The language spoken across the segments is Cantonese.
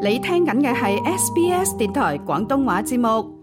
你聽緊嘅係 SBS 電台廣東話節目。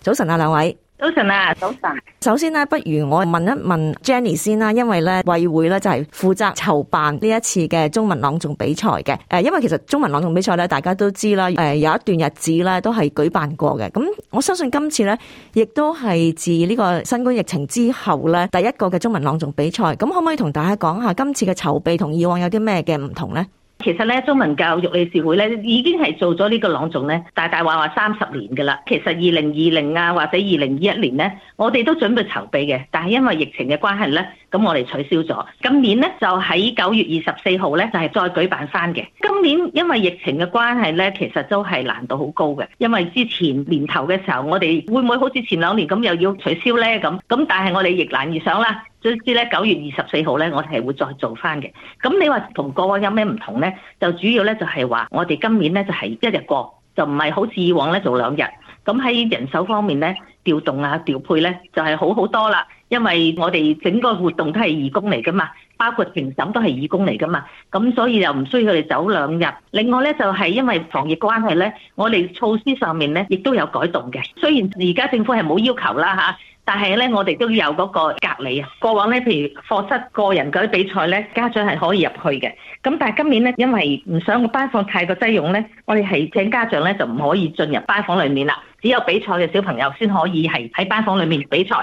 早晨啊，兩位。早晨啊，早晨。首先呢，不如我問一問 Jenny 先啦，因為咧，委會咧就係負責籌辦呢一次嘅中文朗誦比賽嘅。誒，因為其實中文朗誦比賽咧，大家都知啦，誒，有一段日子咧都係舉辦過嘅。咁我相信今次咧，亦都係自呢個新冠疫情之後咧，第一個嘅中文朗誦比賽。咁可唔可以同大家講下今次嘅籌備同以往有啲咩嘅唔同咧？其實咧，中文教育理事會咧已經係做咗呢個朗誦咧，大大話話三十年噶啦。其實二零二零啊，或者二零二一年咧，我哋都準備籌備嘅，但係因為疫情嘅關係咧，咁我哋取消咗。今年咧就喺九月二十四號咧，就係再舉辦翻嘅。今年因為疫情嘅關係咧，其實都係難度好高嘅，因為之前年頭嘅時候，我哋會唔會好似前兩年咁又要取消咧？咁，咁，但係我哋逆難而上啦。總之咧，九月二十四號咧，我哋係會再做翻嘅。咁你話同過往有咩唔同咧？就主要咧就係話，我哋今年咧就係一日過，就唔係好似以往咧做兩日。咁喺人手方面咧，調動啊調配咧，就係好好多啦。因為我哋整個活動都係義工嚟噶嘛。包括評審都係義工嚟噶嘛，咁所以又唔需要佢哋走兩日。另外呢，就係因為防疫關係呢，我哋措施上面呢亦都有改動嘅。雖然而家政府係冇要求啦吓，但係呢，我哋都有嗰個隔離啊。過往呢，譬如課室個人嗰啲比賽呢，家長係可以入去嘅。咁但係今年呢，因為唔想個班房太過擠擁呢，我哋係請家長呢就唔可以進入班房裏面啦，只有比賽嘅小朋友先可以係喺班房裏面比賽。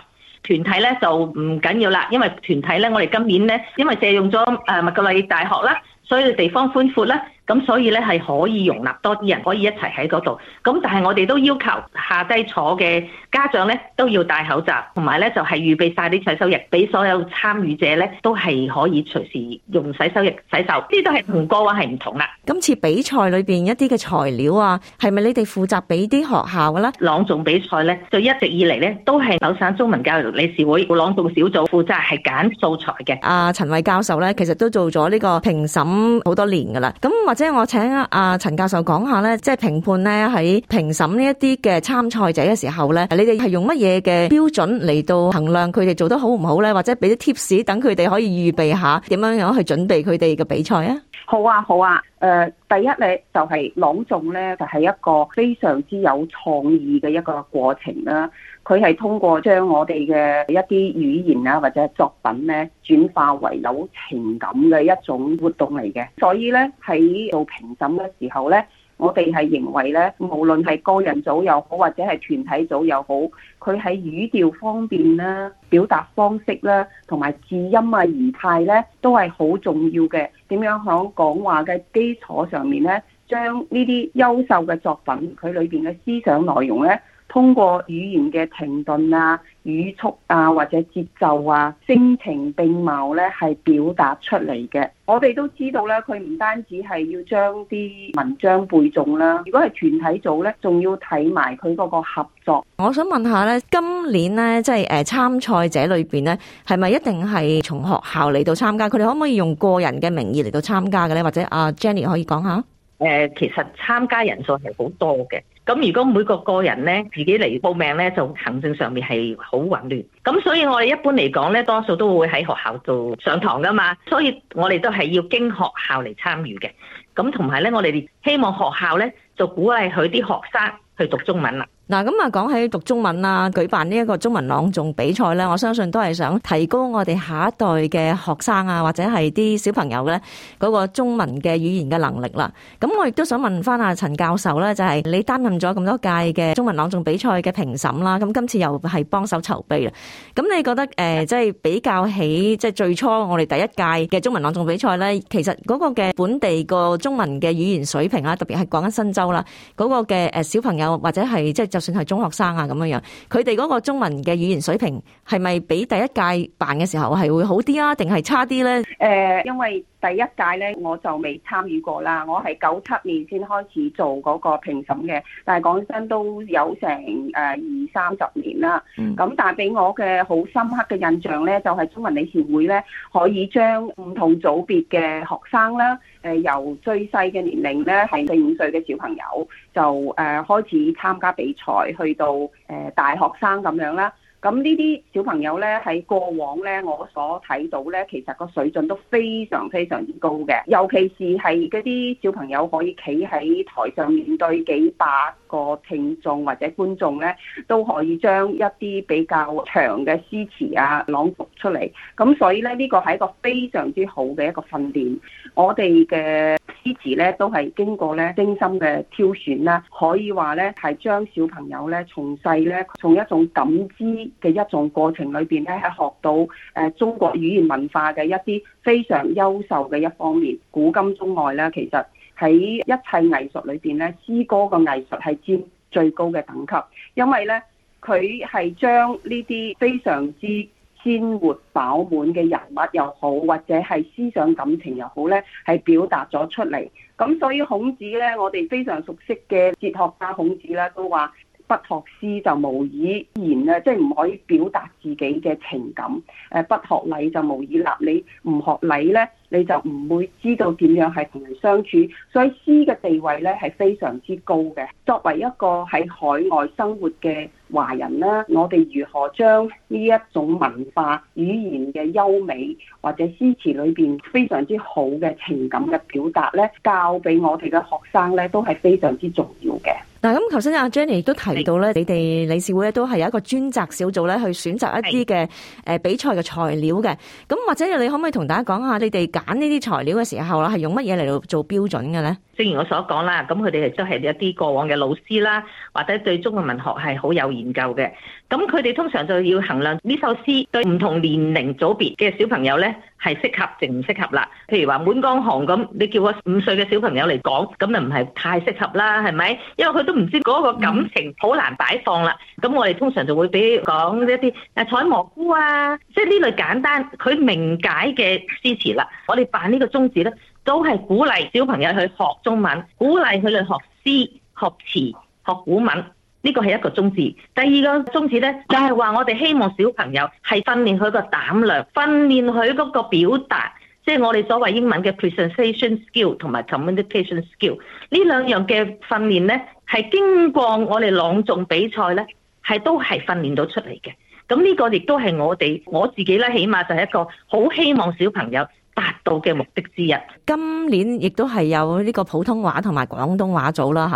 團體咧就唔緊要啦，因為團體咧，我哋今年咧，因為借用咗誒麥格理大學啦。所以地方寬闊啦，咁所以咧係可以容納多啲人，可以一齊喺嗰度。咁但係我哋都要求下低坐嘅家長咧都要戴口罩，同埋咧就係預備曬啲洗手液，俾所有參與者咧都係可以隨時用洗手液洗手。呢啲都係同過往係唔同啦。今次比賽裏邊一啲嘅材料啊，係咪你哋負責俾啲學校嘅咧？朗誦比賽咧，就一直以嚟咧都係省中文教育理事會個朗誦小組負責係揀素材嘅。阿陳偉教授咧，其實都做咗呢個評審。咁好多年噶啦，咁或者我請阿陳教授講下咧，即係評判咧喺評審呢一啲嘅參賽者嘅時候咧，你哋係用乜嘢嘅標準嚟到衡量佢哋做得好唔好咧？或者俾啲 tips 等佢哋可以預備下點樣樣去準備佢哋嘅比賽啊？好啊，好啊，誒、呃，第一咧就係朗誦，咧，就係、是、一個非常之有創意嘅一個過程啦、啊。佢係通過將我哋嘅一啲語言啊，或者作品咧轉化為有情感嘅一種活動嚟嘅，所以咧喺做評審嘅時候咧。我哋係認為咧，無論係個人組又好，或者係團體組又好，佢喺語調方面啦、表達方式啦、同埋字音啊、儀態咧，都係好重要嘅。點樣喺講話嘅基礎上面咧，將呢啲優秀嘅作品佢裏邊嘅思想內容咧，通過語言嘅停頓啊、語速啊或者節奏啊、聲情並茂咧，係表達出嚟嘅。我哋都知道咧，佢唔單止係要將啲文章背誦啦，如果係團體組咧，仲要睇埋佢嗰個合作。我想問下咧，今年咧即係誒參賽者裏邊咧，係咪一定係從學校嚟到參加？佢哋可唔可以用個人嘅名義嚟到參加嘅咧？或者阿 Jenny 可以講下？誒，其實參加人數係好多嘅。咁如果每個個人呢，自己嚟報名呢，就行政上面係好混亂。咁所以我哋一般嚟講呢，多數都會喺學校度上堂㗎嘛。所以我哋都係要經學校嚟參與嘅。咁同埋呢，我哋希望學校呢，就鼓勵佢啲學生去讀中文啦。嗱，咁啊，講起讀中文啦，舉辦呢一個中文朗誦比賽咧，我相信都係想提高我哋下一代嘅學生啊，或者係啲小朋友咧嗰個中文嘅語言嘅能力啦。咁我亦都想問翻阿陳教授咧，就係你擔任咗咁多屆嘅中文朗誦比賽嘅評審啦，咁今次又係幫手籌備啦。咁你覺得誒，即係比較起即係最初我哋第一屆嘅中文朗誦比賽咧，其實嗰個嘅本地個中文嘅語言水平啊，特別係講緊新州啦，嗰個嘅誒小朋友或者係即係。就算係中學生啊，咁樣樣，佢哋嗰個中文嘅語言水平係咪比第一屆辦嘅時候係會好啲啊，定係差啲呢？誒，因為第一屆呢我就未參與過啦，我係九七年先開始做嗰個評審嘅，但係講真都有成誒二三十年啦。咁但係俾我嘅好深刻嘅印象呢，就係中文理事會呢可以將唔同組別嘅學生啦。誒由最細嘅年齡咧，係四五歲嘅小朋友就誒開始參加比賽，去到誒大學生咁樣啦。咁呢啲小朋友呢，喺過往呢，我所睇到呢，其實個水準都非常非常之高嘅，尤其是係嗰啲小朋友可以企喺台上面對幾百個聽眾或者觀眾呢，都可以將一啲比較長嘅詩詞啊朗讀出嚟。咁所以呢，呢個係一個非常之好嘅一個訓練。我哋嘅詩詞咧都係經過咧精心嘅挑選啦，可以話咧係將小朋友咧從細咧從一種感知嘅一種過程裏邊咧係學到誒中國語言文化嘅一啲非常優秀嘅一方面，古今中外咧其實喺一切藝術裏邊咧，詩歌嘅藝術係佔最高嘅等級，因為咧佢係將呢啲非常之。鮮活飽滿嘅人物又好，或者係思想感情又好呢，係表達咗出嚟。咁所以孔子呢，我哋非常熟悉嘅哲學家孔子呢，都話不學詩就無以言啊，即係唔可以表達自己嘅情感。誒，不學禮就無以立，你唔學禮呢。」你就唔會知道點樣係同人相處，所以詩嘅地位咧係非常之高嘅。作為一個喺海外生活嘅華人啦，我哋如何將呢一種文化語言嘅優美或者詩詞裏邊非常之好嘅情感嘅表達咧，教俾我哋嘅學生咧，都係非常之重要嘅。嗱，咁頭先阿 Jenny 亦都提到咧，你哋理事會咧都係有一個專責小組咧去選擇一啲嘅誒比賽嘅材料嘅。咁或者你可唔可以同大家講下你哋，揀呢啲材料嘅時候啦，係用乜嘢嚟到做標準嘅咧？正如我所講啦，咁佢哋亦都係一啲過往嘅老師啦，或者對中國文學係好有研究嘅。咁佢哋通常就要衡量呢首詩對唔同年齡組別嘅小朋友咧係適合定唔適合啦。譬如話滿江紅咁，你叫個五歲嘅小朋友嚟講，咁就唔係太適合啦，係咪？因為佢都唔知嗰個感情好難擺放啦。咁、嗯、我哋通常就會俾佢講一啲誒採蘑菇啊，即係呢類簡單佢明解嘅詩詞啦。我哋辦呢個宗旨咧，都係鼓勵小朋友去學中文，鼓勵佢哋學詩、學詞、學古文。呢個係一個宗旨。第二個宗旨咧，就係話我哋希望小朋友係訓練佢個膽量，訓練佢嗰個表達，即係我哋所謂英文嘅 presentation skill 同埋 communication skill 呢兩樣嘅訓練咧，係經過我哋朗誦比賽咧，係都係訓練到出嚟嘅。咁呢個亦都係我哋我自己咧，起碼就係一個好希望小朋友。達到嘅目的之一，今年亦都係有呢個普通話同埋廣東話組啦，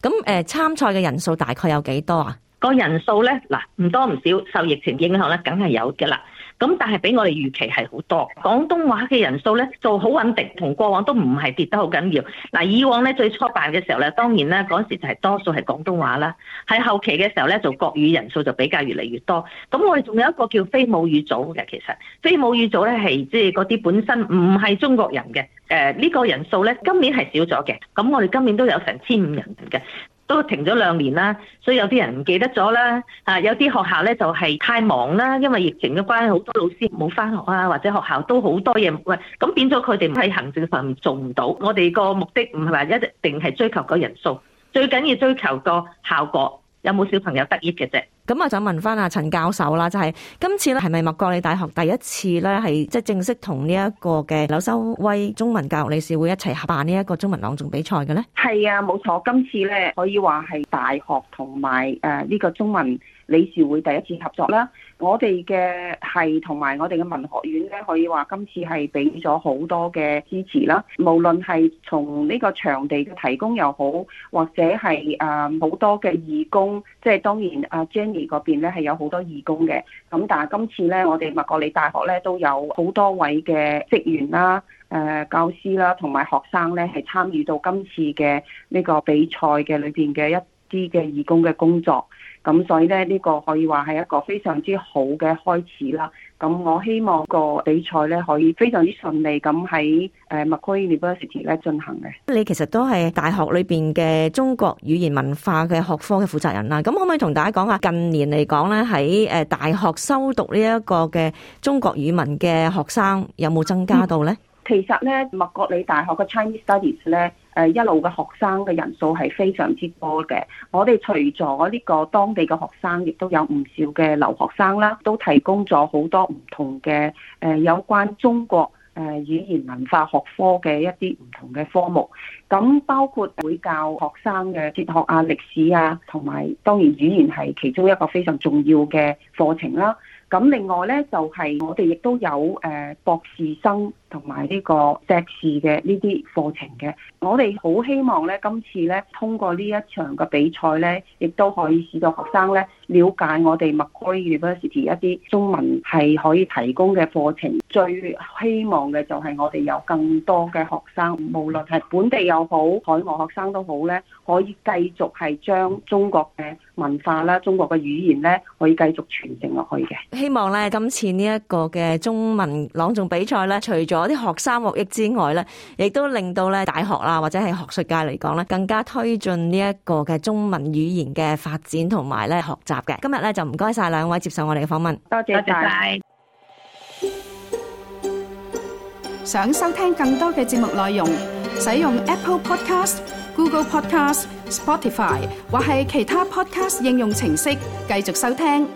吓咁誒參賽嘅人數大概有幾多啊？個人數咧，嗱唔多唔少，受疫情影響咧，梗係有嘅啦。咁但係比我哋預期係好多，廣東話嘅人數呢就好穩定，同過往都唔係跌得好緊要。嗱，以往呢，最初辦嘅時候呢，當然呢嗰時就係多數係廣東話啦，喺後期嘅時候呢，就國語人數就比較越嚟越多。咁我哋仲有一個叫非母語組嘅，其實非母語組呢係即係嗰啲本身唔係中國人嘅，誒呢個人數呢今年係少咗嘅，咁我哋今年都有成千五人嘅。都停咗兩年啦，所以有啲人唔記得咗啦。啊，有啲學校咧就係太忙啦，因為疫情嘅關係好多老師冇返學啊，或者學校都好多嘢喂，咁變咗佢哋唔喺行政上面做唔到。我哋個目的唔係話一定係追求個人數，最緊要追求個效果，有冇小朋友得益嘅啫。咁啊，就問翻阿陳教授啦，就係今次咧，係咪麥國理大學第一次咧，係即係正式同呢一個嘅紐修威中文教育理事會一齊合辦呢一個中文朗誦比賽嘅咧？係啊，冇錯，今次咧可以話係大學同埋誒呢個中文理事會第一次合作啦。我哋嘅係同埋我哋嘅文學院咧，可以話今次係俾咗好多嘅支持啦。無論係從呢個場地嘅提供又好，或者係誒好多嘅義工，即係當然阿 Jenny 嗰邊咧係有好多義工嘅，咁但係今次咧，我哋麥覺理大學咧都有好多位嘅職員啦、誒教師啦同埋學生咧，係參與到今次嘅呢個比賽嘅裏邊嘅一啲嘅義工嘅工作。咁所以咧，呢個可以話係一個非常之好嘅開始啦。咁我希望個比賽咧可以非常之順利，咁喺誒麥覺理大學咧進行嘅。你其實都係大學裏邊嘅中國語言文化嘅學科嘅負責人啦、啊。咁可唔可以同大家講下近年嚟講咧，喺誒大學修讀呢一個嘅中國語文嘅學生有冇增加到咧、嗯？其實咧，麥覺理大學嘅 Chinese Studies 咧。一路嘅學生嘅人數係非常之多嘅。我哋除咗呢個當地嘅學生，亦都有唔少嘅留學生啦，都提供咗好多唔同嘅誒有關中國誒語言文化學科嘅一啲唔同嘅科目。咁包括會教學生嘅哲學啊、歷史啊，同埋當然語言係其中一個非常重要嘅課程啦。咁另外呢，就係我哋亦都有誒博士生。同埋呢個碩士嘅呢啲課程嘅，我哋好希望咧，今次咧通過呢一場嘅比賽咧，亦都可以使到學生咧了解我哋 Macquarie University 一啲中文系可以提供嘅課程。最希望嘅就係我哋有更多嘅學生，無論係本地又好，海外學生都好咧，可以繼續係將中國嘅文化啦、中國嘅語言咧，可以繼續傳承落去嘅。希望咧今次呢一個嘅中文朗誦比賽咧，除咗嗰啲學生獲益之外咧，亦都令到咧大學啦，或者係學術界嚟講咧，更加推進呢一個嘅中文語言嘅發展同埋咧學習嘅。今日咧就唔該晒兩位接受我哋嘅訪問，多謝曬，謝謝謝。想收聽更多嘅節目內容，使用 Apple Podcast、Google Podcast、Spotify 或係其他 Podcast 應用程式繼續收聽。